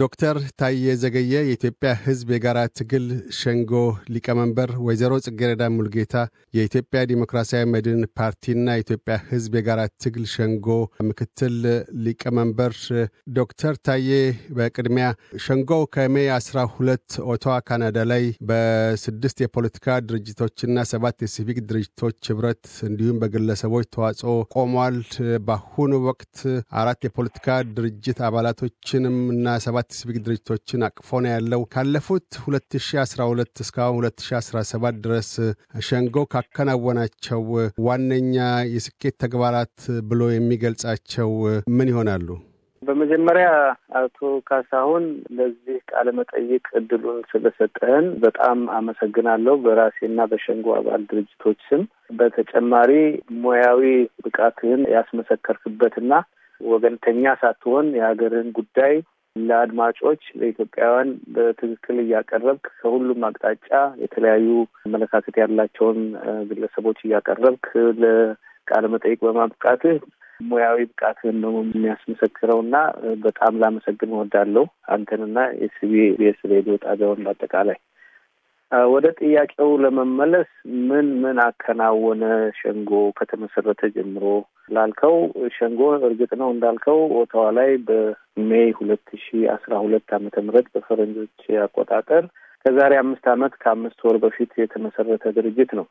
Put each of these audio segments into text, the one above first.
ዶክተር ታዬ ዘገየ የኢትዮጵያ ህዝብ የጋራ ትግል ሸንጎ ሊቀመንበር፣ ወይዘሮ ጽጌረዳ ሙልጌታ የኢትዮጵያ ዲሞክራሲያዊ መድን ፓርቲና የኢትዮጵያ ህዝብ የጋራ ትግል ሸንጎ ምክትል ሊቀመንበር። ዶክተር ታዬ በቅድሚያ ሸንጎው ከሜ 12 ኦቶዋ ካናዳ ላይ በስድስት የፖለቲካ ድርጅቶችና ሰባት የሲቪክ ድርጅቶች ህብረት እንዲሁም በግለሰቦች ተዋጽኦ ቆሟል። በአሁኑ ወቅት አራት የፖለቲካ ድርጅት አባላቶችንም እና ሰባት ሲቪል ድርጅቶችን አቅፎ ነው ያለው። ካለፉት 2012 እስካሁን 2017 ድረስ ሸንጎ ካከናወናቸው ዋነኛ የስኬት ተግባራት ብሎ የሚገልጻቸው ምን ይሆናሉ? በመጀመሪያ አቶ ካሳሁን ለዚህ ቃለ መጠይቅ እድሉን ስለሰጠህን በጣም አመሰግናለሁ በራሴና በሸንጎ አባል ድርጅቶች ስም። በተጨማሪ ሙያዊ ብቃትህን ያስመሰከርክበትና ወገንተኛ ሳትሆን የሀገርህን ጉዳይ ለአድማጮች ለኢትዮጵያውያን በትክክል እያቀረብክ ከሁሉም አቅጣጫ የተለያዩ አመለካከት ያላቸውን ግለሰቦች እያቀረብክ ለቃለ መጠይቅ በማብቃትህ ሙያዊ ብቃትህን ነው የሚያስመሰክረው እና በጣም ላመሰግን እወዳለሁ አንተንና የሲቢኤስ ሬዲዮ ጣቢያውን በአጠቃላይ ወደ ጥያቄው ለመመለስ ምን ምን አከናወነ ሸንጎ ከተመሰረተ ጀምሮ ላልከው፣ ሸንጎ እርግጥ ነው እንዳልከው ኦታዋ ላይ በሜይ ሁለት ሺ አስራ ሁለት አመተ ምህረት በፈረንጆች አቆጣጠር ከዛሬ አምስት ዓመት ከአምስት ወር በፊት የተመሰረተ ድርጅት ነው።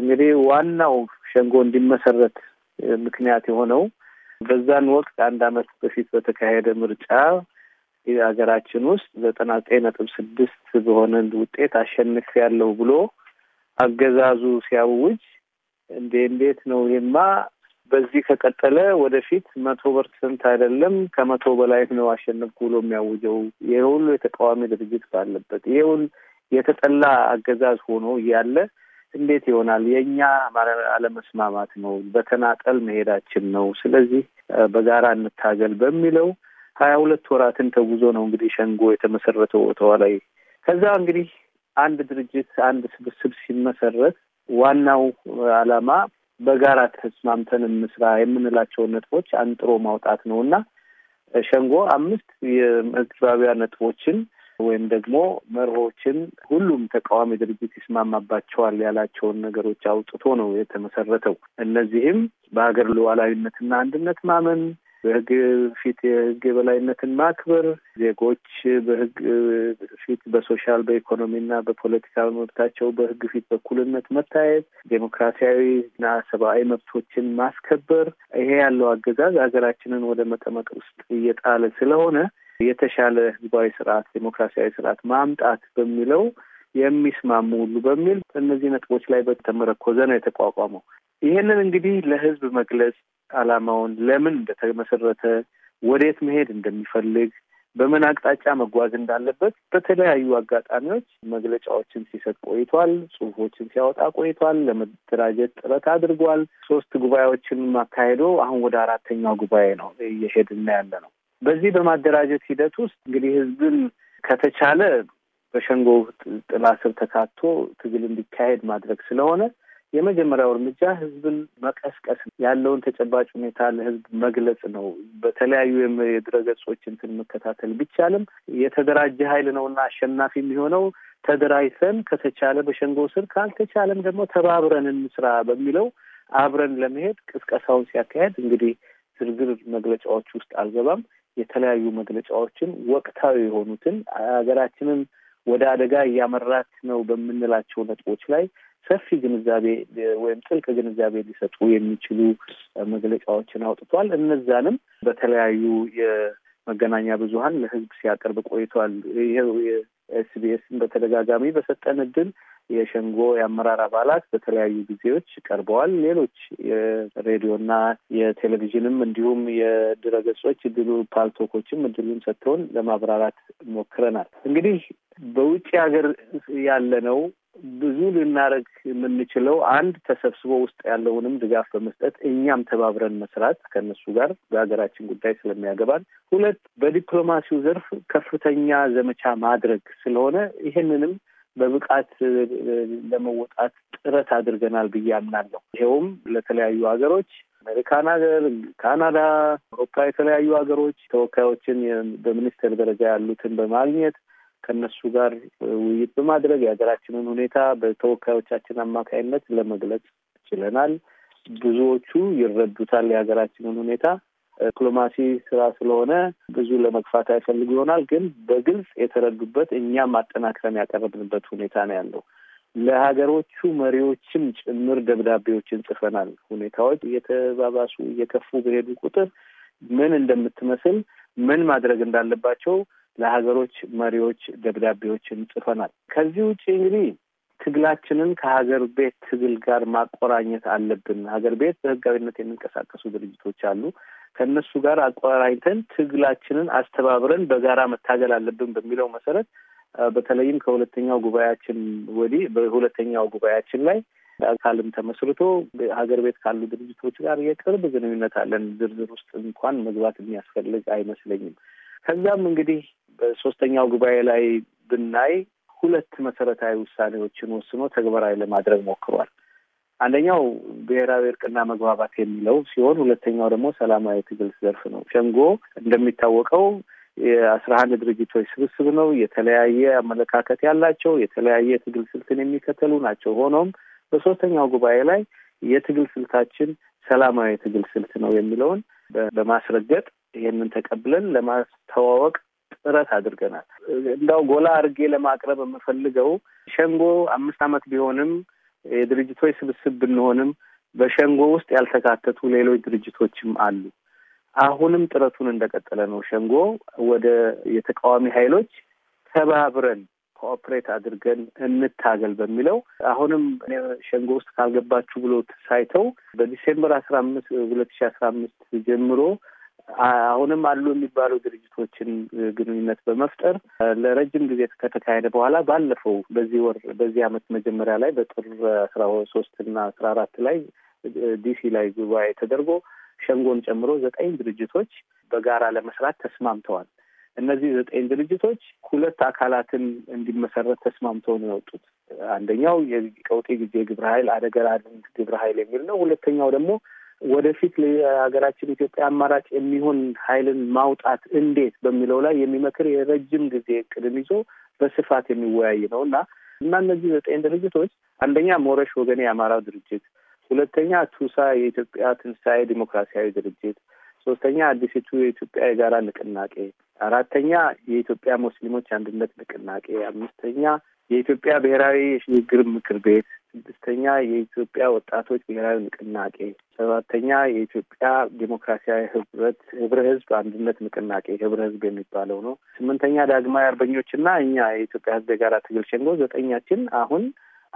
እንግዲህ ዋናው ሸንጎ እንዲመሰረት ምክንያት የሆነው በዛን ወቅት አንድ አመት በፊት በተካሄደ ምርጫ ሀገራችን ውስጥ ዘጠና ዘጠኝ ነጥብ ስድስት በሆነ ውጤት አሸንፍ ያለው ብሎ አገዛዙ ሲያውጅ እንዴ እንዴት ነው ይሄማ በዚህ ከቀጠለ ወደፊት መቶ ፐርሰንት አይደለም ከመቶ በላይ ነው አሸነፍኩ ብሎ የሚያውጀው ይሄ ሁሉ የተቃዋሚ ድርጅት ባለበት ይሄ ሁሉ የተጠላ አገዛዝ ሆኖ እያለ እንዴት ይሆናል? የእኛ አለመስማማት ነው፣ በተናጠል መሄዳችን ነው። ስለዚህ በጋራ እንታገል በሚለው ሀያ ሁለት ወራትን ተጉዞ ነው እንግዲህ ሸንጎ የተመሰረተው ቦታዋ ላይ። ከዛ እንግዲህ አንድ ድርጅት አንድ ስብስብ ሲመሰረት ዋናው ዓላማ በጋራ ተስማምተን እንስራ የምንላቸውን ነጥቦች አንጥሮ ማውጣት ነው እና ሸንጎ አምስት የመግባቢያ ነጥቦችን ወይም ደግሞ መርሆችን ሁሉም ተቃዋሚ ድርጅት ይስማማባቸዋል ያላቸውን ነገሮች አውጥቶ ነው የተመሰረተው። እነዚህም በሀገር ሉዓላዊነትና አንድነት ማመን፣ በህግ ፊት የህግ የበላይነትን ማክበር፣ ዜጎች በህግ ፊት በሶሻል በኢኮኖሚና በፖለቲካዊ መብታቸው በህግ ፊት በኩልነት መታየት፣ ዴሞክራሲያዊና ሰብአዊ መብቶችን ማስከበር፣ ይሄ ያለው አገዛዝ ሀገራችንን ወደ መቀመቅ ውስጥ እየጣለ ስለሆነ የተሻለ ህዝባዊ ስርዓት፣ ዴሞክራሲያዊ ስርዓት ማምጣት በሚለው የሚስማሙ ሁሉ በሚል በእነዚህ ነጥቦች ላይ በተመረኮዘ ነው የተቋቋመው። ይህንን እንግዲህ ለህዝብ መግለጽ ዓላማውን፣ ለምን እንደተመሰረተ፣ ወዴት መሄድ እንደሚፈልግ፣ በምን አቅጣጫ መጓዝ እንዳለበት በተለያዩ አጋጣሚዎች መግለጫዎችን ሲሰጥ ቆይቷል። ጽሁፎችን ሲያወጣ ቆይቷል። ለመደራጀት ጥረት አድርጓል። ሶስት ጉባኤዎችን ማካሄዶ አሁን ወደ አራተኛው ጉባኤ ነው እየሄድና ያለ ነው። በዚህ በማደራጀት ሂደት ውስጥ እንግዲህ ህዝብን ከተቻለ በሸንጎ ጥላ ስር ተካቶ ትግል እንዲካሄድ ማድረግ ስለሆነ የመጀመሪያው እርምጃ ህዝብን መቀስቀስ ያለውን ተጨባጭ ሁኔታ ለህዝብ መግለጽ ነው። በተለያዩ የድረገጾች እንትን መከታተል ቢቻልም የተደራጀ ኃይል ነውና አሸናፊ የሚሆነው ተደራጅተን ከተቻለ በሸንጎ ስር ካልተቻለም ደግሞ ተባብረን እንስራ በሚለው አብረን ለመሄድ ቅስቀሳውን ሲያካሄድ እንግዲህ ዝርዝር መግለጫዎች ውስጥ አልገባም። የተለያዩ መግለጫዎችን ወቅታዊ የሆኑትን ሀገራችንን ወደ አደጋ እያመራት ነው በምንላቸው ነጥቦች ላይ ሰፊ ግንዛቤ ወይም ጥልቅ ግንዛቤ ሊሰጡ የሚችሉ መግለጫዎችን አውጥቷል። እነዛንም በተለያዩ የመገናኛ ብዙኃን ለሕዝብ ሲያቀርብ ቆይቷል። ይኸው የኤስቢኤስን በተደጋጋሚ በሰጠን እድል የሸንጎ የአመራር አባላት በተለያዩ ጊዜዎች ቀርበዋል። ሌሎች የሬዲዮና የቴሌቪዥንም እንዲሁም የድረገጾች እድሉ ፓልቶኮችም እድሉን ሰጥተውን ለማብራራት ሞክረናል። እንግዲህ በውጭ ሀገር ያለነው ብዙ ልናደርግ የምንችለው አንድ ተሰብስቦ ውስጥ ያለውንም ድጋፍ በመስጠት እኛም ተባብረን መስራት ከነሱ ጋር በሀገራችን ጉዳይ ስለሚያገባን፣ ሁለት በዲፕሎማሲው ዘርፍ ከፍተኛ ዘመቻ ማድረግ ስለሆነ ይህንንም በብቃት ለመወጣት ጥረት አድርገናል ብዬ አምናለሁ። ይኸውም ለተለያዩ ሀገሮች አሜሪካን ሀገር፣ ካናዳ፣ አውሮፓ የተለያዩ ሀገሮች ተወካዮችን በሚኒስቴር ደረጃ ያሉትን በማግኘት ከነሱ ጋር ውይይት በማድረግ የሀገራችንን ሁኔታ በተወካዮቻችን አማካይነት ለመግለጽ ችለናል። ብዙዎቹ ይረዱታል የሀገራችንን ሁኔታ። ዲፕሎማሲ ስራ ስለሆነ ብዙ ለመግፋት አይፈልጉ ይሆናል፣ ግን በግልጽ የተረዱበት እኛም አጠናክረን ያቀረብንበት ሁኔታ ነው ያለው። ለሀገሮቹ መሪዎችም ጭምር ደብዳቤዎችን ጽፈናል። ሁኔታዎች እየተባባሱ እየከፉ በሄዱ ቁጥር ምን እንደምትመስል ምን ማድረግ እንዳለባቸው ለሀገሮች መሪዎች ደብዳቤዎችን ጽፈናል። ከዚህ ውጭ እንግዲህ ትግላችንን ከሀገር ቤት ትግል ጋር ማቆራኘት አለብን። ሀገር ቤት በህጋዊነት የሚንቀሳቀሱ ድርጅቶች አሉ። ከእነሱ ጋር አቆራኝተን ትግላችንን አስተባብረን በጋራ መታገል አለብን በሚለው መሰረት በተለይም ከሁለተኛው ጉባኤያችን ወዲህ በሁለተኛው ጉባኤያችን ላይ አካልም ተመስርቶ ሀገር ቤት ካሉ ድርጅቶች ጋር የቅርብ ግንኙነት አለን። ዝርዝር ውስጥ እንኳን መግባት የሚያስፈልግ አይመስለኝም። ከዛም እንግዲህ በሶስተኛው ጉባኤ ላይ ብናይ ሁለት መሰረታዊ ውሳኔዎችን ወስኖ ተግባራዊ ለማድረግ ሞክሯል። አንደኛው ብሔራዊ እርቅና መግባባት የሚለው ሲሆን ሁለተኛው ደግሞ ሰላማዊ ትግል ዘርፍ ነው። ሸንጎ እንደሚታወቀው የአስራ አንድ ድርጅቶች ስብስብ ነው። የተለያየ አመለካከት ያላቸው የተለያየ ትግል ስልትን የሚከተሉ ናቸው። ሆኖም በሶስተኛው ጉባኤ ላይ የትግል ስልታችን ሰላማዊ ትግል ስልት ነው የሚለውን በማስረገጥ ይህንን ተቀብለን ለማስተዋወቅ ጥረት አድርገናል። እንዳው ጎላ አድርጌ ለማቅረብ የምፈልገው ሸንጎ አምስት ዓመት ቢሆንም የድርጅቶች ስብስብ ብንሆንም በሸንጎ ውስጥ ያልተካተቱ ሌሎች ድርጅቶችም አሉ። አሁንም ጥረቱን እንደቀጠለ ነው። ሸንጎ ወደ የተቃዋሚ ኃይሎች ተባብረን ኮኦፕሬት አድርገን እንታገል በሚለው አሁንም ሸንጎ ውስጥ ካልገባችሁ ብሎ ሳይተው በዲሴምበር አስራ አምስት ሁለት ሺ አስራ አምስት ጀምሮ አሁንም አሉ የሚባሉ ድርጅቶችን ግንኙነት በመፍጠር ለረጅም ጊዜ ከተካሄደ በኋላ ባለፈው በዚህ ወር በዚህ አመት መጀመሪያ ላይ በጥር አስራ ሶስት እና አስራ አራት ላይ ዲሲ ላይ ጉባኤ ተደርጎ ሸንጎን ጨምሮ ዘጠኝ ድርጅቶች በጋራ ለመስራት ተስማምተዋል። እነዚህ ዘጠኝ ድርጅቶች ሁለት አካላትን እንዲመሰረት ተስማምተው ነው የወጡት። አንደኛው የቀውጤ ጊዜ ግብረ ኃይል አደገራ ግብረ ኃይል የሚል ነው። ሁለተኛው ደግሞ ወደፊት ለሀገራችን ኢትዮጵያ አማራጭ የሚሆን ኃይልን ማውጣት እንዴት በሚለው ላይ የሚመክር የረጅም ጊዜ እቅድም ይዞ በስፋት የሚወያይ ነው እና እና እነዚህ ዘጠኝ ድርጅቶች አንደኛ ሞረሽ ወገኔ የአማራው ድርጅት፣ ሁለተኛ ቱሳ የኢትዮጵያ ትንሣኤ ዲሞክራሲያዊ ድርጅት፣ ሶስተኛ አዲሲቱ የኢትዮጵያ የጋራ ንቅናቄ፣ አራተኛ የኢትዮጵያ ሙስሊሞች አንድነት ንቅናቄ፣ አምስተኛ የኢትዮጵያ ብሔራዊ የሽግግር ምክር ቤት ስድስተኛ የኢትዮጵያ ወጣቶች ብሔራዊ ንቅናቄ፣ ሰባተኛ የኢትዮጵያ ዴሞክራሲያዊ ህብረት ህብረ ህዝብ አንድነት ንቅናቄ ህብረ ህዝብ የሚባለው ነው። ስምንተኛ ዳግማዊ አርበኞችና እኛ የኢትዮጵያ ህዝብ የጋራ ትግል ሸንጎ ዘጠኛችን አሁን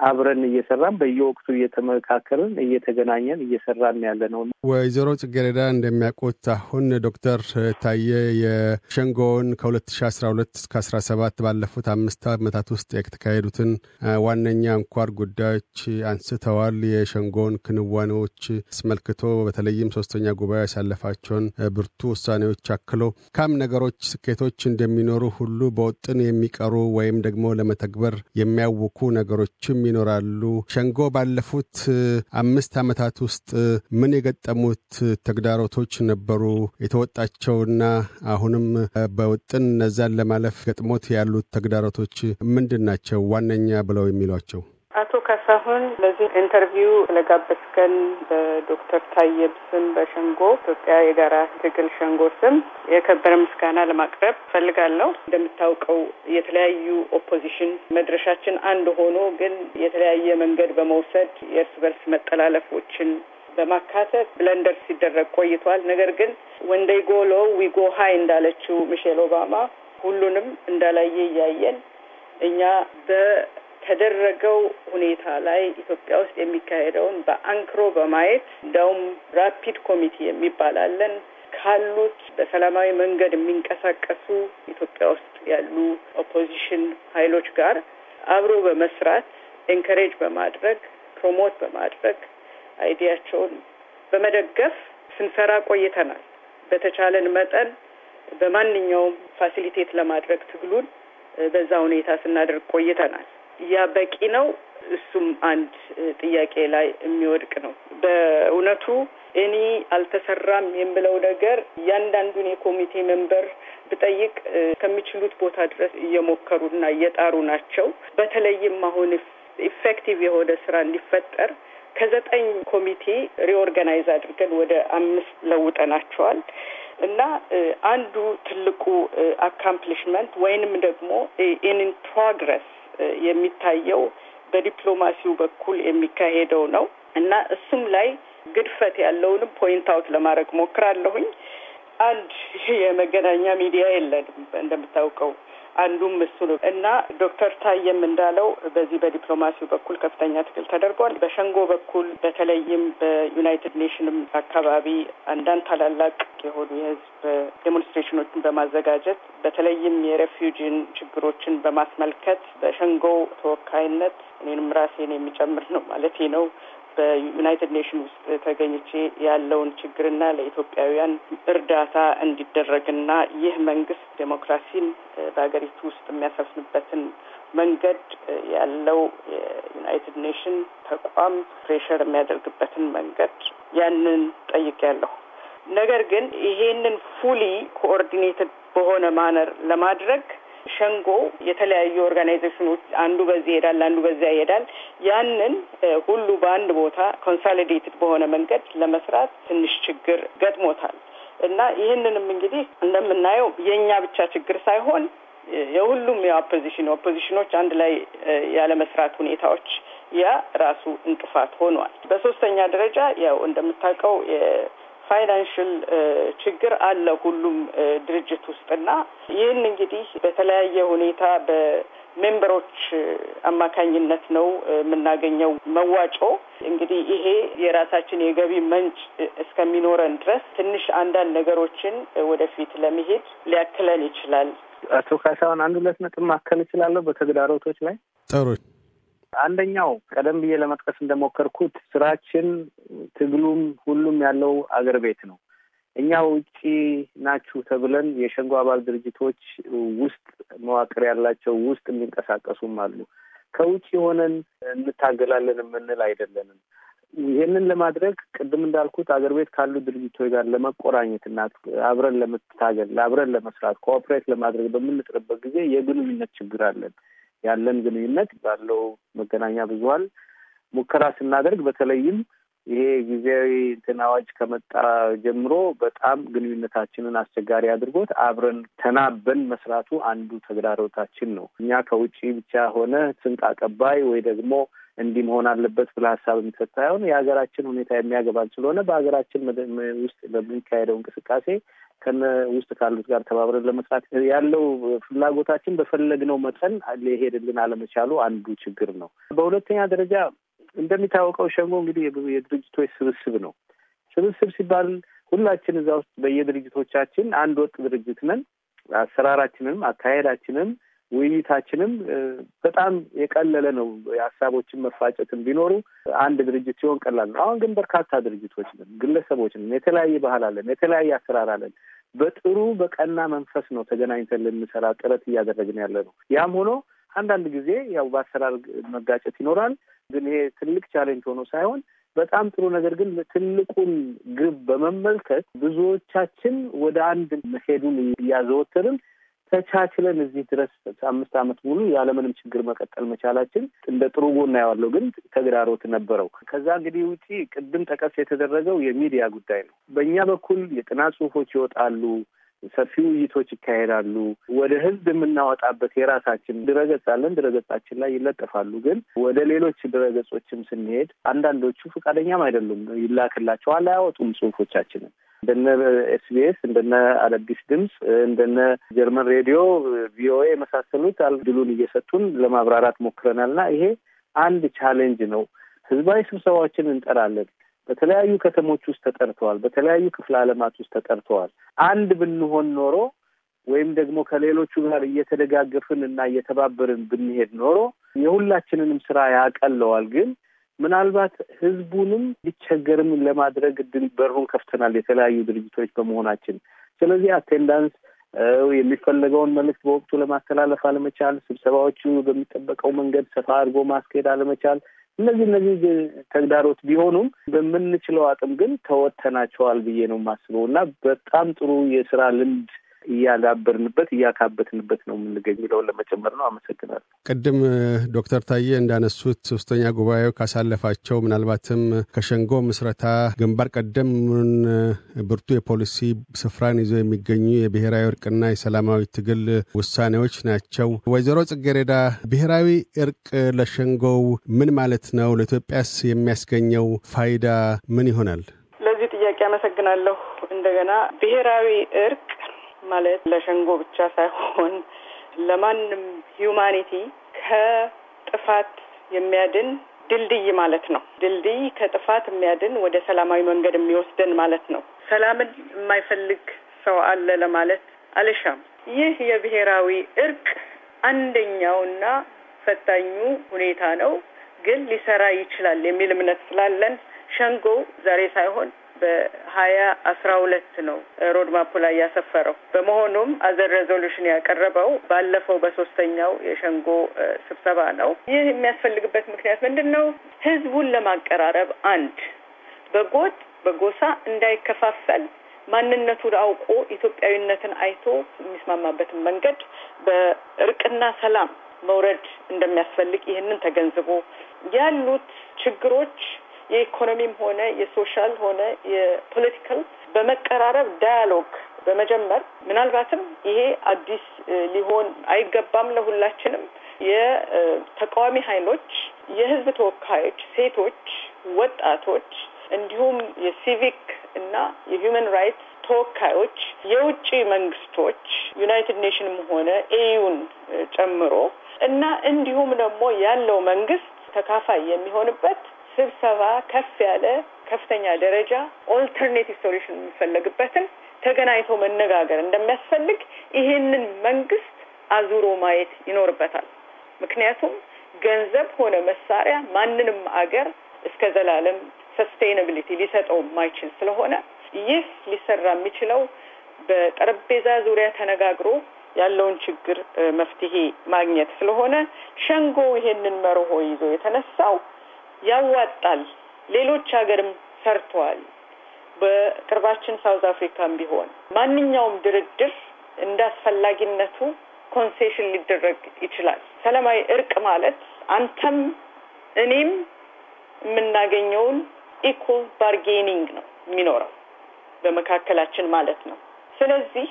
አብረን እየሰራን በየወቅቱ እየተመካከልን እየተገናኘን እየሰራን ያለ ነው። ወይዘሮ ጽጌረዳ እንደሚያውቁት አሁን ዶክተር ታዬ የሸንጎውን ከ2012 እስከ 17 ባለፉት አምስት ዓመታት ውስጥ የተካሄዱትን ዋነኛ አንኳር ጉዳዮች አንስተዋል። የሸንጎውን ክንዋኔዎች አስመልክቶ በተለይም ሶስተኛ ጉባኤ ያሳለፋቸውን ብርቱ ውሳኔዎች አክሎ ካም ነገሮች፣ ስኬቶች እንደሚኖሩ ሁሉ በውጥን የሚቀሩ ወይም ደግሞ ለመተግበር የሚያውኩ ነገሮችም ይኖራሉ። ሸንጎ ባለፉት አምስት ዓመታት ውስጥ ምን የገጠሙት ተግዳሮቶች ነበሩ? የተወጣቸውና አሁንም በውጥን እነዛን ለማለፍ ገጥሞት ያሉት ተግዳሮቶች ምንድን ናቸው? ዋነኛ ብለው የሚሏቸው ካሳሁን ለዚህ ኢንተርቪው ስለጋበዝከን በዶክተር ታየብ ስም በሸንጎ ኢትዮጵያ የጋራ ትግል ሸንጎ ስም የከበረ ምስጋና ለማቅረብ ፈልጋለሁ። እንደምታውቀው የተለያዩ ኦፖዚሽን መድረሻችን አንድ ሆኖ ግን የተለያየ መንገድ በመውሰድ የእርስ በርስ መጠላለፎችን በማካተት ብለንደር ሲደረግ ቆይቷል። ነገር ግን ወንደይ ጎሎ ዊጎ ሀይ እንዳለችው ሚሼል ኦባማ ሁሉንም እንዳላየ እያየን እኛ በ ተደረገው ሁኔታ ላይ ኢትዮጵያ ውስጥ የሚካሄደውን በአንክሮ በማየት እንዳውም ራፒድ ኮሚቴ የሚባል አለን ካሉት በሰላማዊ መንገድ የሚንቀሳቀሱ ኢትዮጵያ ውስጥ ያሉ ኦፖዚሽን ኃይሎች ጋር አብሮ በመስራት ኤንከሬጅ በማድረግ ፕሮሞት በማድረግ አይዲያቸውን በመደገፍ ስንሰራ ቆይተናል። በተቻለን መጠን በማንኛውም ፋሲሊቴት ለማድረግ ትግሉን በዛ ሁኔታ ስናደርግ ቆይተናል። ያ በቂ ነው? እሱም አንድ ጥያቄ ላይ የሚወድቅ ነው። በእውነቱ እኔ አልተሰራም የምለው ነገር እያንዳንዱን የኮሚቴ መንበር ብጠይቅ ከሚችሉት ቦታ ድረስ እየሞከሩና እየጣሩ ናቸው። በተለይም አሁን ኢፌክቲቭ የሆነ ስራ እንዲፈጠር ከዘጠኝ ኮሚቴ ሪኦርጋናይዝ አድርገን ወደ አምስት ለውጠናቸዋል እና አንዱ ትልቁ አካምፕሊሽመንት ወይንም ደግሞ ኢን ፕሮግረስ የሚታየው በዲፕሎማሲው በኩል የሚካሄደው ነው እና እሱም ላይ ግድፈት ያለውንም ፖይንት አውት ለማድረግ ሞክራለሁኝ። አንድ የመገናኛ ሚዲያ የለንም እንደምታውቀው አንዱም እሱ ነው እና ዶክተር ታየም እንዳለው በዚህ በዲፕሎማሲው በኩል ከፍተኛ ትግል ተደርጓል። በሸንጎ በኩል በተለይም በዩናይትድ ኔሽንም አካባቢ አንዳንድ ታላላቅ የሆኑ የህዝብ ዴሞንስትሬሽኖችን በማዘጋጀት በተለይም የሬፊውጂን ችግሮችን በማስመልከት በሸንጎ ተወካይነት እኔንም ራሴን የሚጨምር ነው ማለት ነው በዩናይትድ ኔሽን ውስጥ ተገኝቼ ያለውን ችግርና ለኢትዮጵያውያን እርዳታ እንዲደረግና ይህ መንግስት ዴሞክራሲን በሀገሪቱ ውስጥ የሚያሰፍንበትን መንገድ ያለው የዩናይትድ ኔሽን ተቋም ፕሬሸር የሚያደርግበትን መንገድ ያንን ጠይቅ ያለሁ ነገር ግን ይሄንን ፉሊ ኮኦርዲኔትድ በሆነ ማነር ለማድረግ ሸንጎ የተለያዩ ኦርጋናይዜሽኖች አንዱ በዚህ ይሄዳል፣ አንዱ በዚያ ይሄዳል። ያንን ሁሉ በአንድ ቦታ ኮንሶሊዴትድ በሆነ መንገድ ለመስራት ትንሽ ችግር ገጥሞታል እና ይህንንም እንግዲህ እንደምናየው የእኛ ብቻ ችግር ሳይሆን የሁሉም የኦፖዚሽን ኦፖዚሽኖች አንድ ላይ ያለመስራት ሁኔታዎች ያ ራሱ እንቅፋት ሆኗል። በሶስተኛ ደረጃ ያው እንደምታውቀው የፋይናንሽል ችግር አለ ሁሉም ድርጅት ውስጥና ይህን እንግዲህ በተለያየ ሁኔታ በሜምበሮች አማካኝነት ነው የምናገኘው መዋጮ። እንግዲህ ይሄ የራሳችን የገቢ ምንጭ እስከሚኖረን ድረስ ትንሽ አንዳንድ ነገሮችን ወደፊት ለመሄድ ሊያክለን ይችላል። አቶ ካሳሁን አንድ ሁለት ነጥብ ማከል እችላለሁ በተግዳሮቶች ላይ ጥሩ አንደኛው ቀደም ብዬ ለመጥቀስ እንደሞከርኩት ስራችን፣ ትግሉም ሁሉም ያለው አገር ቤት ነው። እኛ ውጪ ናችሁ ተብለን የሸንጎ አባል ድርጅቶች ውስጥ መዋቅር ያላቸው ውስጥ የሚንቀሳቀሱም አሉ። ከውጭ ሆነን እንታገላለን የምንል አይደለንም። ይህንን ለማድረግ ቅድም እንዳልኩት አገር ቤት ካሉ ድርጅቶች ጋር ለመቆራኘት እና አብረን ለመታገል አብረን ለመስራት ኮኦፕሬት ለማድረግ በምንጥርበት ጊዜ የግንኙነት ችግር አለን። ያለን ግንኙነት ባለው መገናኛ ብዙሀን ሙከራ ስናደርግ በተለይም ይሄ ጊዜያዊ እንትን አዋጅ ከመጣ ጀምሮ በጣም ግንኙነታችንን አስቸጋሪ አድርጎት አብረን ተናበን መስራቱ አንዱ ተግዳሮታችን ነው። እኛ ከውጭ ብቻ ሆነ ስንቅ አቀባይ ወይ ደግሞ እንዲህ መሆን አለበት ብለህ ሀሳብ የሚሰጥ ሳይሆን የሀገራችን ሁኔታ የሚያገባን ስለሆነ በሀገራችን ውስጥ በሚካሄደው እንቅስቃሴ ከነ ውስጥ ካሉት ጋር ተባብረን ለመስራት ያለው ፍላጎታችን በፈለግነው መጠን ሊሄድልን አለመቻሉ አንዱ ችግር ነው። በሁለተኛ ደረጃ እንደሚታወቀው ሸንጎ እንግዲህ የድርጅቶች ስብስብ ነው። ስብስብ ሲባል ሁላችን እዛ ውስጥ በየድርጅቶቻችን አንድ ወጥ ድርጅት ነን። አሰራራችንም አካሄዳችንም ውይይታችንም በጣም የቀለለ ነው። የሀሳቦችን መፋጨትን ቢኖሩ አንድ ድርጅት ሲሆን ቀላል ነው። አሁን ግን በርካታ ድርጅቶች ነን፣ ግለሰቦች ነን፣ የተለያየ ባህል አለን፣ የተለያየ አሰራር አለን። በጥሩ በቀና መንፈስ ነው ተገናኝተን ልንሰራ ጥረት እያደረግን ያለ ነው። ያም ሆኖ አንዳንድ ጊዜ ያው በአሰራር መጋጨት ይኖራል። ግን ይሄ ትልቅ ቻሌንጅ ሆኖ ሳይሆን በጣም ጥሩ ነገር ግን ትልቁን ግብ በመመልከት ብዙዎቻችን ወደ አንድ መሄዱን እያዘወተርን ተቻችለን እዚህ ድረስ አምስት ዓመት ሙሉ ያለምንም ችግር መቀጠል መቻላችን እንደ ጥሩ ጎን ያዋለው፣ ግን ተግዳሮት ነበረው። ከዛ እንግዲህ ውጪ ቅድም ጠቀስ የተደረገው የሚዲያ ጉዳይ ነው። በእኛ በኩል የጥናት ጽሁፎች ይወጣሉ፣ ሰፊ ውይይቶች ይካሄዳሉ። ወደ ህዝብ የምናወጣበት የራሳችን ድረገጽ አለን። ድረገጻችን ላይ ይለጠፋሉ። ግን ወደ ሌሎች ድረገጾችም ስንሄድ አንዳንዶቹ ፈቃደኛም አይደሉም። ይላክላቸዋል፣ አያወጡም ጽሁፎቻችንን እንደነ ኤስቢኤስ፣ እንደነ አዳዲስ ድምፅ፣ እንደነ ጀርመን ሬዲዮ፣ ቪኦኤ የመሳሰሉት ድሉን እየሰጡን ለማብራራት ሞክረናል እና ይሄ አንድ ቻሌንጅ ነው። ህዝባዊ ስብሰባዎችን እንጠራለን። በተለያዩ ከተሞች ውስጥ ተጠርተዋል። በተለያዩ ክፍለ ዓለማት ውስጥ ተጠርተዋል። አንድ ብንሆን ኖሮ ወይም ደግሞ ከሌሎቹ ጋር እየተደጋገፍን እና እየተባበርን ብንሄድ ኖሮ የሁላችንንም ስራ ያቀለዋል ግን ምናልባት ህዝቡንም ሊቸገርም ለማድረግ እድል በሩን ከፍተናል የተለያዩ ድርጅቶች በመሆናችን። ስለዚህ አቴንዳንስ የሚፈለገውን መልእክት በወቅቱ ለማስተላለፍ አለመቻል፣ ስብሰባዎቹ በሚጠበቀው መንገድ ሰፋ አድርጎ ማስካሄድ አለመቻል፣ እነዚህ እነዚህ ተግዳሮት ቢሆኑም በምንችለው አቅም ግን ተወጥተናቸዋል ብዬ ነው የማስበው እና በጣም ጥሩ የስራ ልምድ እያዳበርንበት እያካበትንበት ነው የምንገኝ የሚለውን ለመጨመር ነው። አመሰግናለሁ። ቅድም ዶክተር ታዬ እንዳነሱት ሶስተኛ ጉባኤው ካሳለፋቸው ምናልባትም ከሸንጎ ምስረታ ግንባር ቀደም ብርቱ የፖሊሲ ስፍራን ይዘው የሚገኙ የብሔራዊ እርቅና የሰላማዊ ትግል ውሳኔዎች ናቸው። ወይዘሮ ጽጌሬዳ ብሔራዊ እርቅ ለሸንጎው ምን ማለት ነው? ለኢትዮጵያስ የሚያስገኘው ፋይዳ ምን ይሆናል? ለዚህ ጥያቄ አመሰግናለሁ። እንደገና ብሔራዊ እርቅ ማለት ለሸንጎ ብቻ ሳይሆን ለማንም ሂዩማኒቲ ከጥፋት የሚያድን ድልድይ ማለት ነው። ድልድይ ከጥፋት የሚያድን ወደ ሰላማዊ መንገድ የሚወስደን ማለት ነው። ሰላምን የማይፈልግ ሰው አለ ለማለት አልሻም። ይህ የብሔራዊ እርቅ አንደኛውና ፈታኙ ሁኔታ ነው፣ ግን ሊሰራ ይችላል የሚል እምነት ስላለን ሸንጎ ዛሬ ሳይሆን በሀያ አስራ ሁለት ነው ሮድማፑ ላይ ያሰፈረው። በመሆኑም አዘር ሬዞሉሽን ያቀረበው ባለፈው በሶስተኛው የሸንጎ ስብሰባ ነው። ይህ የሚያስፈልግበት ምክንያት ምንድን ነው? ህዝቡን ለማቀራረብ አንድ በጎጥ በጎሳ እንዳይከፋፈል ማንነቱን አውቆ ኢትዮጵያዊነትን አይቶ የሚስማማበትን መንገድ በእርቅና ሰላም መውረድ እንደሚያስፈልግ ይህንን ተገንዝቦ ያሉት ችግሮች የኢኮኖሚም ሆነ የሶሻል ሆነ የፖለቲካል በመቀራረብ ዳያሎግ በመጀመር ምናልባትም ይሄ አዲስ ሊሆን አይገባም ለሁላችንም የተቃዋሚ ኃይሎች፣ የህዝብ ተወካዮች፣ ሴቶች፣ ወጣቶች እንዲሁም የሲቪክ እና የሁማን ራይትስ ተወካዮች፣ የውጭ መንግስቶች ዩናይትድ ኔሽንም ሆነ ኤዩን ጨምሮ እና እንዲሁም ደግሞ ያለው መንግስት ተካፋይ የሚሆንበት ስብሰባ ከፍ ያለ ከፍተኛ ደረጃ ኦልተርኔቲቭ ሶሉሽን የሚፈለግበትን ተገናኝቶ መነጋገር እንደሚያስፈልግ ይህንን መንግስት አዙሮ ማየት ይኖርበታል። ምክንያቱም ገንዘብ ሆነ መሳሪያ ማንንም አገር እስከ ዘላለም ሰስቴይናብሊቲ ሊሰጠው የማይችል ስለሆነ ይህ ሊሰራ የሚችለው በጠረጴዛ ዙሪያ ተነጋግሮ ያለውን ችግር መፍትሄ ማግኘት ስለሆነ ሸንጎ ይሄንን መርሆ ይዞ የተነሳው ያዋጣል። ሌሎች ሀገርም ሰርተዋል። በቅርባችን ሳውዝ አፍሪካም ቢሆን ማንኛውም ድርድር እንደ አስፈላጊነቱ ኮንሴሽን ሊደረግ ይችላል። ሰላማዊ እርቅ ማለት አንተም እኔም የምናገኘውን ኢኩል ባርጌኒንግ ነው የሚኖረው በመካከላችን ማለት ነው። ስለዚህ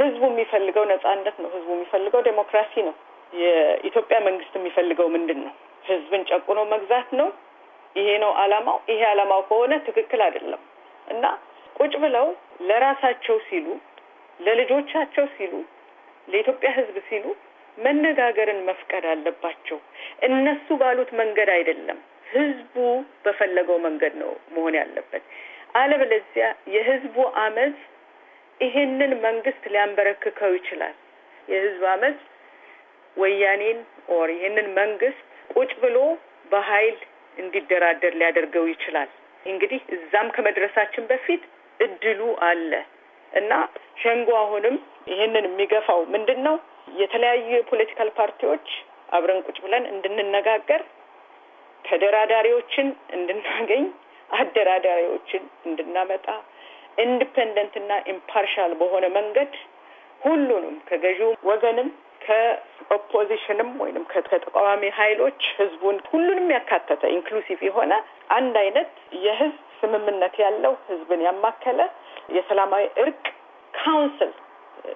ህዝቡ የሚፈልገው ነጻነት ነው። ህዝቡ የሚፈልገው ዴሞክራሲ ነው። የኢትዮጵያ መንግስት የሚፈልገው ምንድን ነው? ህዝብን ጨቁኖ መግዛት ነው? ይሄ ነው አላማው፣ ይሄ አላማው ከሆነ ትክክል አይደለም እና ቁጭ ብለው ለራሳቸው ሲሉ፣ ለልጆቻቸው ሲሉ፣ ለኢትዮጵያ ሕዝብ ሲሉ መነጋገርን መፍቀድ አለባቸው። እነሱ ባሉት መንገድ አይደለም፣ ሕዝቡ በፈለገው መንገድ ነው መሆን ያለበት። አለበለዚያ የሕዝቡ አመፅ ይሄንን መንግስት ሊያንበረክከው ይችላል። የህዝብ አመፅ ወያኔን ኦር ይሄንን መንግስት ቁጭ ብሎ በኃይል እንዲደራደር ሊያደርገው ይችላል። እንግዲህ እዛም ከመድረሳችን በፊት እድሉ አለ እና ሸንጎ አሁንም ይህንን የሚገፋው ምንድን ነው? የተለያዩ የፖለቲካል ፓርቲዎች አብረን ቁጭ ብለን እንድንነጋገር፣ ተደራዳሪዎችን እንድናገኝ፣ አደራዳሪዎችን እንድናመጣ ኢንዲፐንደንት እና ኢምፓርሻል በሆነ መንገድ ሁሉንም ከገዢው ወገንም ከኦፖዚሽንም ወይም ከተቃዋሚ ኃይሎች ህዝቡን ሁሉንም ያካተተ ኢንክሉሲቭ የሆነ አንድ አይነት የህዝብ ስምምነት ያለው ህዝብን ያማከለ የሰላማዊ እርቅ ካውንስል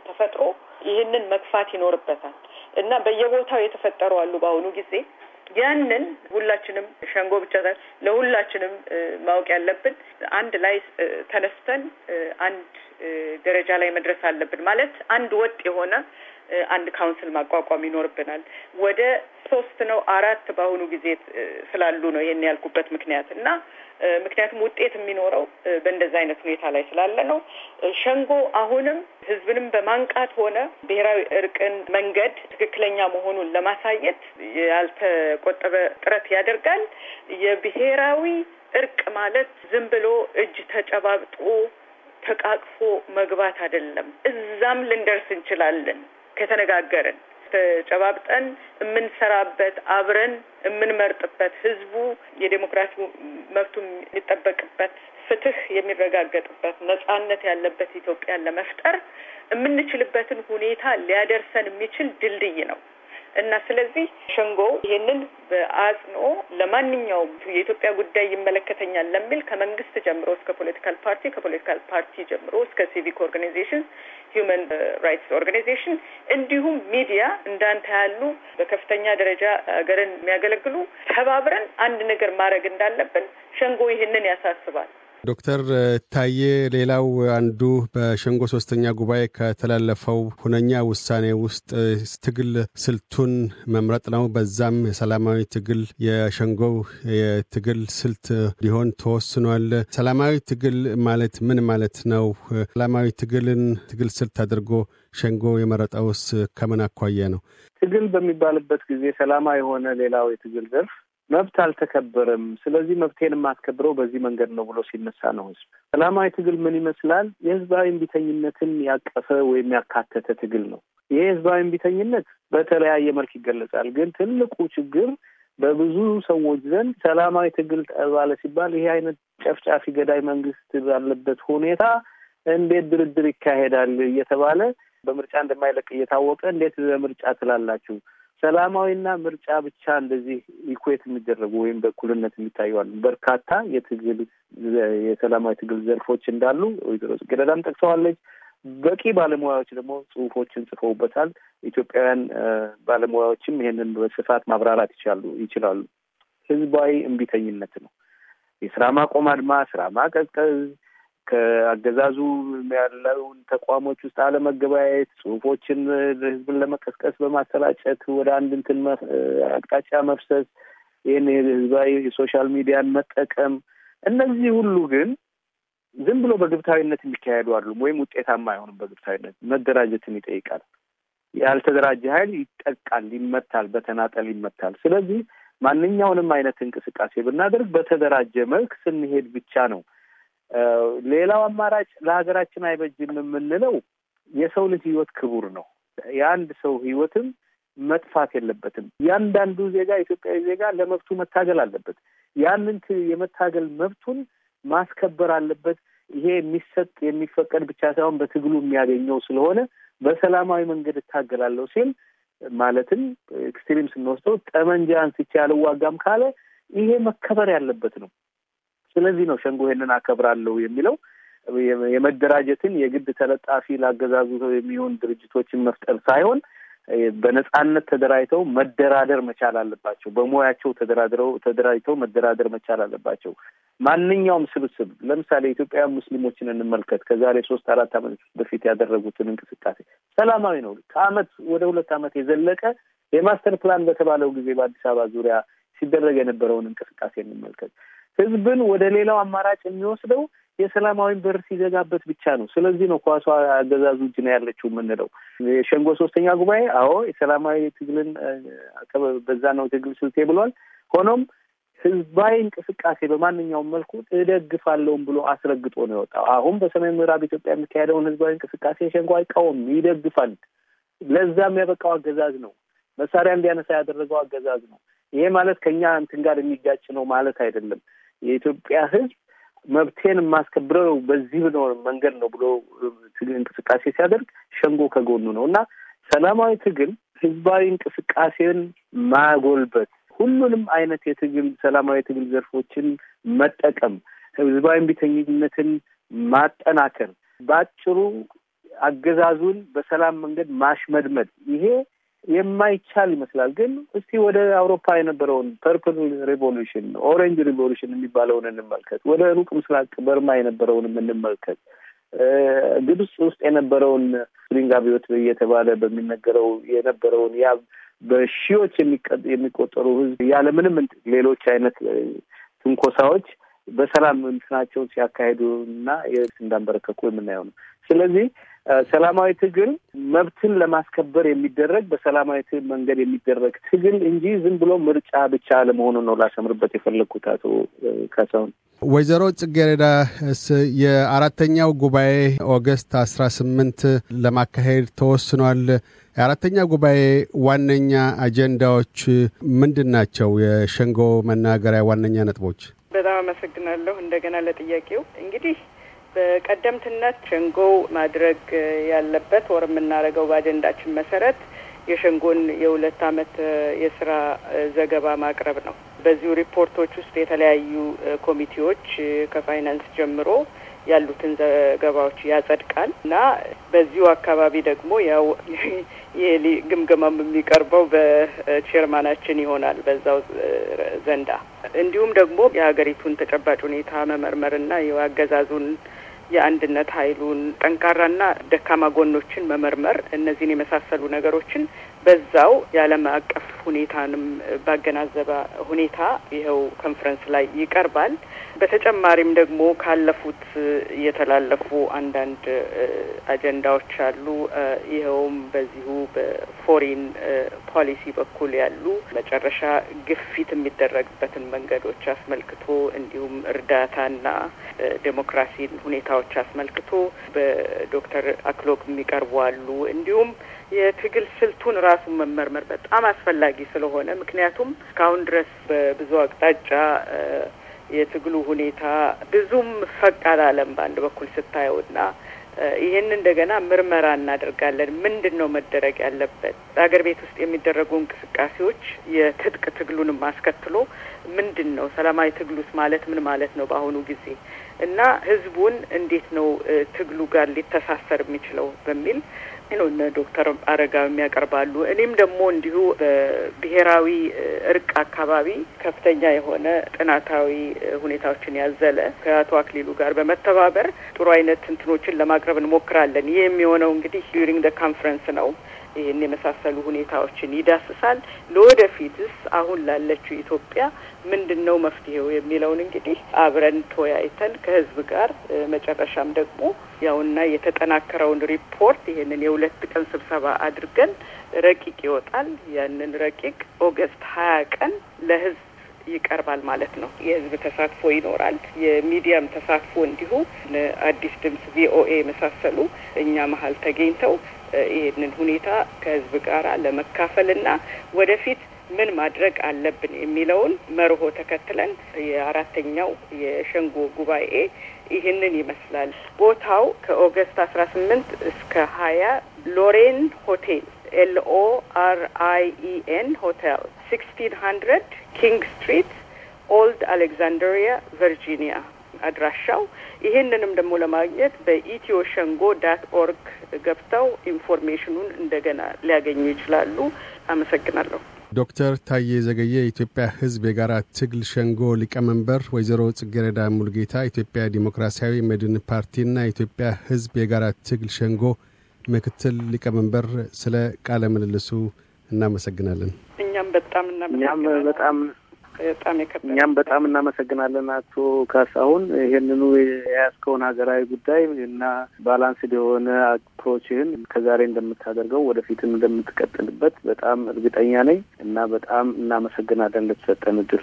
ተፈጥሮ ይህንን መግፋት ይኖርበታል እና በየቦታው የተፈጠሩ አሉ። በአሁኑ ጊዜ ያንን ሁላችንም ሸንጎ ብቻ ለሁላችንም ማወቅ ያለብን አንድ ላይ ተነስተን አንድ ደረጃ ላይ መድረስ አለብን ማለት አንድ ወጥ የሆነ አንድ ካውንስል ማቋቋም ይኖርብናል። ወደ ሶስት ነው አራት በአሁኑ ጊዜ ስላሉ ነው ይህን ያልኩበት ምክንያት እና ምክንያቱም ውጤት የሚኖረው በእንደዛ አይነት ሁኔታ ላይ ስላለ ነው። ሸንጎ አሁንም ህዝብንም በማንቃት ሆነ ብሔራዊ እርቅን መንገድ ትክክለኛ መሆኑን ለማሳየት ያልተቆጠበ ጥረት ያደርጋል። የብሔራዊ እርቅ ማለት ዝም ብሎ እጅ ተጨባብጦ ተቃቅፎ መግባት አይደለም። እዛም ልንደርስ እንችላለን። ከተነጋገርን ተጨባብጠን የምንሰራበት አብረን የምንመርጥበት ህዝቡ የዴሞክራሲ መብቱ የሚጠበቅበት ፍትህ የሚረጋገጥበት ነጻነት ያለበት ኢትዮጵያን ለመፍጠር የምንችልበትን ሁኔታ ሊያደርሰን የሚችል ድልድይ ነው። እና ስለዚህ ሸንጎ ይህንን በአጽንኦ ለማንኛውም የኢትዮጵያ ጉዳይ ይመለከተኛል ለሚል ከመንግስት ጀምሮ እስከ ፖለቲካል ፓርቲ ከፖለቲካል ፓርቲ ጀምሮ እስከ ሲቪክ ኦርጋናይዜሽን፣ ሂውማን ራይትስ ኦርጋናይዜሽን እንዲሁም ሚዲያ እንዳንተ ያሉ በከፍተኛ ደረጃ ሀገርን የሚያገለግሉ ተባብረን አንድ ነገር ማድረግ እንዳለብን ሸንጎ ይህንን ያሳስባል። ዶክተር ታዬ ሌላው አንዱ በሸንጎ ሶስተኛ ጉባኤ ከተላለፈው ሁነኛ ውሳኔ ውስጥ ትግል ስልቱን መምረጥ ነው። በዛም የሰላማዊ ትግል የሸንጎ የትግል ስልት ሊሆን ተወስኗል። ሰላማዊ ትግል ማለት ምን ማለት ነው? ሰላማዊ ትግልን ትግል ስልት አድርጎ ሸንጎ የመረጠውስ ከምን አኳያ ነው? ትግል በሚባልበት ጊዜ ሰላማዊ የሆነ ሌላው የትግል ዘርፍ መብት አልተከበረም፣ ስለዚህ መብቴን የማስከብረው በዚህ መንገድ ነው ብሎ ሲነሳ ነው ህዝብ። ሰላማዊ ትግል ምን ይመስላል? የህዝባዊ እምቢተኝነትን ያቀፈ ወይም ያካተተ ትግል ነው። ይሄ ህዝባዊ እምቢተኝነት በተለያየ መልክ ይገለጻል። ግን ትልቁ ችግር በብዙ ሰዎች ዘንድ ሰላማዊ ትግል ተባለ ሲባል ይሄ አይነት ጨፍጫፊ ገዳይ መንግስት ባለበት ሁኔታ እንዴት ድርድር ይካሄዳል እየተባለ በምርጫ እንደማይለቅ እየታወቀ እንዴት ምርጫ ትላላችሁ ሰላማዊና ምርጫ ብቻ እንደዚህ ኢኩዌት የሚደረጉ ወይም በእኩልነት የሚታዩዋል በርካታ የትግል የሰላማዊ ትግል ዘርፎች እንዳሉ ወይዘሮ ጽጌረዳም ጠቅሰዋለች። በቂ ባለሙያዎች ደግሞ ጽሁፎችን ጽፈውበታል። ኢትዮጵያውያን ባለሙያዎችም ይሄንን በስፋት ማብራራት ይችላሉ ይችላሉ። ህዝባዊ እምቢተኝነት ነው። የስራ ማቆም አድማ፣ ስራ ማቀዝቀዝ፣ ከአገዛዙ ያለውን ተቋሞች ውስጥ አለመገበያየት፣ ጽሁፎችን ህዝብን ለመቀስቀስ በማሰራጨት ወደ አንድ እንትን አቅጣጫ መፍሰስ፣ ይህን ህዝባዊ የሶሻል ሚዲያን መጠቀም፣ እነዚህ ሁሉ ግን ዝም ብሎ በግብታዊነት የሚካሄዱ አሉ ወይም ውጤታማ አይሆንም። በግብታዊነት መደራጀትን ይጠይቃል። ያልተደራጀ ኃይል ይጠቃል፣ ይመታል፣ በተናጠል ይመታል። ስለዚህ ማንኛውንም አይነት እንቅስቃሴ ብናደርግ በተደራጀ መልክ ስንሄድ ብቻ ነው ሌላው አማራጭ ለሀገራችን አይበጅም የምንለው የሰው ልጅ ህይወት ክቡር ነው። የአንድ ሰው ህይወትም መጥፋት የለበትም። እያንዳንዱ ዜጋ ኢትዮጵያዊ ዜጋ ለመብቱ መታገል አለበት። ያንን የመታገል መብቱን ማስከበር አለበት። ይሄ የሚሰጥ የሚፈቀድ ብቻ ሳይሆን በትግሉ የሚያገኘው ስለሆነ በሰላማዊ መንገድ እታገላለሁ ሲል ማለትም ኤክስትሪም ስንወስደው ጠመንጃ አንስቼ አልዋጋም ካለ ይሄ መከበር ያለበት ነው። ስለዚህ ነው ሸንጎ ይሄንን አከብራለሁ የሚለው የመደራጀትን የግድ ተለጣፊ ላገዛዙ የሚሆን ድርጅቶችን መፍጠር ሳይሆን በነጻነት ተደራጅተው መደራደር መቻል አለባቸው። በሙያቸው ተደራድረው ተደራጅተው መደራደር መቻል አለባቸው። ማንኛውም ስብስብ ለምሳሌ ኢትዮጵያ ሙስሊሞችን እንመልከት። ከዛሬ ሶስት አራት ዓመት በፊት ያደረጉትን እንቅስቃሴ ሰላማዊ ነው። ከአመት ወደ ሁለት ዓመት የዘለቀ የማስተር ፕላን በተባለው ጊዜ በአዲስ አበባ ዙሪያ ሲደረግ የነበረውን እንቅስቃሴ እንመልከት። ህዝብን ወደ ሌላው አማራጭ የሚወስደው የሰላማዊ በር ሲዘጋበት ብቻ ነው። ስለዚህ ነው ኳሷ አገዛዙ እጅ ነው ያለችው የምንለው። የሸንጎ ሶስተኛ ጉባኤ አዎ የሰላማዊ ትግልን በዛ ነው ትግል ስልቴ ብሏል። ሆኖም ህዝባዊ እንቅስቃሴ በማንኛውም መልኩ እደግፋለሁም ብሎ አስረግጦ ነው የወጣው። አሁን በሰሜን ምዕራብ ኢትዮጵያ የሚካሄደውን ህዝባዊ እንቅስቃሴ የሸንጎ አይቃወም፣ ይደግፋል። ለዛ የሚያበቃው አገዛዝ ነው። መሳሪያ እንዲያነሳ ያደረገው አገዛዝ ነው። ይሄ ማለት ከእኛ እንትን ጋር የሚጋጭ ነው ማለት አይደለም። የኢትዮጵያ ህዝብ መብቴን የማስከብረው በዚህ ብኖር መንገድ ነው ብሎ ትግል እንቅስቃሴ ሲያደርግ ሸንጎ ከጎኑ ነው እና ሰላማዊ ትግል ህዝባዊ እንቅስቃሴን ማጎልበት፣ ሁሉንም አይነት የትግል ሰላማዊ ትግል ዘርፎችን መጠቀም፣ ህዝባዊ እምቢተኝነትን ማጠናከር፣ በአጭሩ አገዛዙን በሰላም መንገድ ማሽመድመድ ይሄ የማይቻል ይመስላል። ግን እስቲ ወደ አውሮፓ የነበረውን ፐርፕል ሬቮሉሽን፣ ኦሬንጅ ሪቮሉሽን የሚባለውን እንመልከት። ወደ ሩቅ ምስራቅ በርማ የነበረውንም እንመልከት። ግብፅ ውስጥ የነበረውን ስፕሪንግ አብዮት እየተባለ በሚነገረው የነበረውን ያ በሺዎች የሚቆጠሩ ህዝብ ያለምንም ሌሎች አይነት ትንኮሳዎች በሰላም እንትናቸውን ሲያካሄዱ እና እንዳንበረከኩ የምናየው ነው። ስለዚህ ሰላማዊ ትግል መብትን ለማስከበር የሚደረግ በሰላማዊ ትግል መንገድ የሚደረግ ትግል እንጂ ዝም ብሎ ምርጫ ብቻ ለመሆኑ ነው ላሰምርበት የፈለግኩት። አቶ ካሳሁን፣ ወይዘሮ ስ የአራተኛው ጉባኤ ኦገስት አስራ ስምንት ለማካሄድ ተወስኗል። የአራተኛ ጉባኤ ዋነኛ አጀንዳዎች ምንድን ናቸው? የሸንጎ መናገሪያ ዋነኛ ነጥቦች። በጣም አመሰግናለሁ እንደገና ለጥያቄው እንግዲህ በቀደምትነት ሸንጎ ማድረግ ያለበት ወር የምናደርገው በአጀንዳችን መሰረት የሸንጎን የሁለት አመት የስራ ዘገባ ማቅረብ ነው። በዚሁ ሪፖርቶች ውስጥ የተለያዩ ኮሚቴዎች ከፋይናንስ ጀምሮ ያሉትን ዘገባዎች ያጸድቃል እና በዚሁ አካባቢ ደግሞ ያው ይሄ ግምገማም የሚቀርበው በቼርማናችን ይሆናል በዛው ዘንዳ እንዲሁም ደግሞ የሀገሪቱን ተጨባጭ ሁኔታ መመርመርና የአገዛዙን የአንድነት ኃይሉን ጠንካራና ደካማ ጎኖችን መመርመር እነዚህን የመሳሰሉ ነገሮችን በዛው የዓለም አቀፍ ሁኔታንም ባገናዘበ ሁኔታ ይኸው ኮንፈረንስ ላይ ይቀርባል። በተጨማሪም ደግሞ ካለፉት የተላለፉ አንዳንድ አጀንዳዎች አሉ። ይኸውም በዚሁ በፎሪን ፖሊሲ በኩል ያሉ መጨረሻ ግፊት የሚደረግበትን መንገዶች አስመልክቶ እንዲሁም እርዳታና ዴሞክራሲን ሁኔታዎች አስመልክቶ በዶክተር አክሎግ የሚቀርቡ አሉ። እንዲሁም የትግል ስልቱን ራሱ መመርመር በጣም አስፈላጊ ስለሆነ ምክንያቱም እስካሁን ድረስ በብዙ አቅጣጫ የትግሉ ሁኔታ ብዙም ፈቅ አላለም በአንድ በኩል ስታየውና ይህን እንደገና ምርመራ እናደርጋለን። ምንድን ነው መደረግ ያለበት? በሀገር ቤት ውስጥ የሚደረጉ እንቅስቃሴዎች የትጥቅ ትግሉንም አስከትሎ ምንድን ነው ሰላማዊ ትግሉስ ማለት ምን ማለት ነው? በአሁኑ ጊዜ እና ህዝቡን እንዴት ነው ትግሉ ጋር ሊተሳሰር የሚችለው በሚል ነው እነ ዶክተር አረጋዊም ያቀርባሉ። እኔም ደግሞ እንዲሁ በብሔራዊ እርቅ አካባቢ ከፍተኛ የሆነ ጥናታዊ ሁኔታዎችን ያዘለ ከአቶ አክሊሉ ጋር በመተባበር ጥሩ አይነት እንትኖችን ለማቅረብ እንሞክራለን። ይህ የሚሆነው እንግዲህ ዩሪንግ ደ ካንፈረንስ ነው። ይህን የመሳሰሉ ሁኔታዎችን ይዳስሳል። ለወደፊትስ አሁን ላለችው ኢትዮጵያ ምንድን ነው መፍትሄው የሚለውን እንግዲህ አብረን ተወያይተን ከህዝብ ጋር መጨረሻም ደግሞ ያውና የተጠናከረውን ሪፖርት ይህንን የሁለት ቀን ስብሰባ አድርገን ረቂቅ ይወጣል። ያንን ረቂቅ ኦገስት ሀያ ቀን ለህዝብ ይቀርባል ማለት ነው። የህዝብ ተሳትፎ ይኖራል። የሚዲያም ተሳትፎ እንዲሁ አዲስ ድምጽ፣ ቪኦኤ የመሳሰሉ እኛ መሀል ተገኝተው ይህንን ሁኔታ ከህዝብ ጋር እና ወደፊት ምን ማድረግ አለብን የሚለውን መርሆ ተከትለን የአራተኛው የሸንጎ ጉባኤ ይህንን ይመስላል። ቦታው ከኦገስት አስራ ስምንት እስከ ሀያ ሎሬን ሆቴል ኤልኦ አር አይ ኢ ኤን ሆቴል ሲክስቲን ሀንድረድ ኪንግ ስትሪት ኦልድ አሌክዛንድሪያ ቨርጂኒያ አድራሻው። ይህንንም ደግሞ ለማግኘት በኢትዮ ሸንጎ ዳት ኦርግ ገብተው ኢንፎርሜሽኑን እንደገና ሊያገኙ ይችላሉ። አመሰግናለሁ። ዶክተር ታዬ ዘገየ የኢትዮጵያ ህዝብ የጋራ ትግል ሸንጎ ሊቀመንበር፣ ወይዘሮ ጽጌረዳ ሙልጌታ የኢትዮጵያ ዲሞክራሲያዊ መድን ፓርቲና የኢትዮጵያ ህዝብ የጋራ ትግል ሸንጎ ምክትል ሊቀመንበር፣ ስለ ቃለ ምልልሱ እናመሰግናለን። እኛም በጣም እናመሰግናለን። በጣም የከበደ እኛም በጣም እናመሰግናለን አቶ ካሳሁን ይህንኑ የያዝከውን ሀገራዊ ጉዳይ እና ባላንስ የሆነ አፕሮችህን ከዛሬ እንደምታደርገው ወደፊትም እንደምትቀጥልበት በጣም እርግጠኛ ነኝ እና በጣም እናመሰግናለን ለተሰጠን እድል።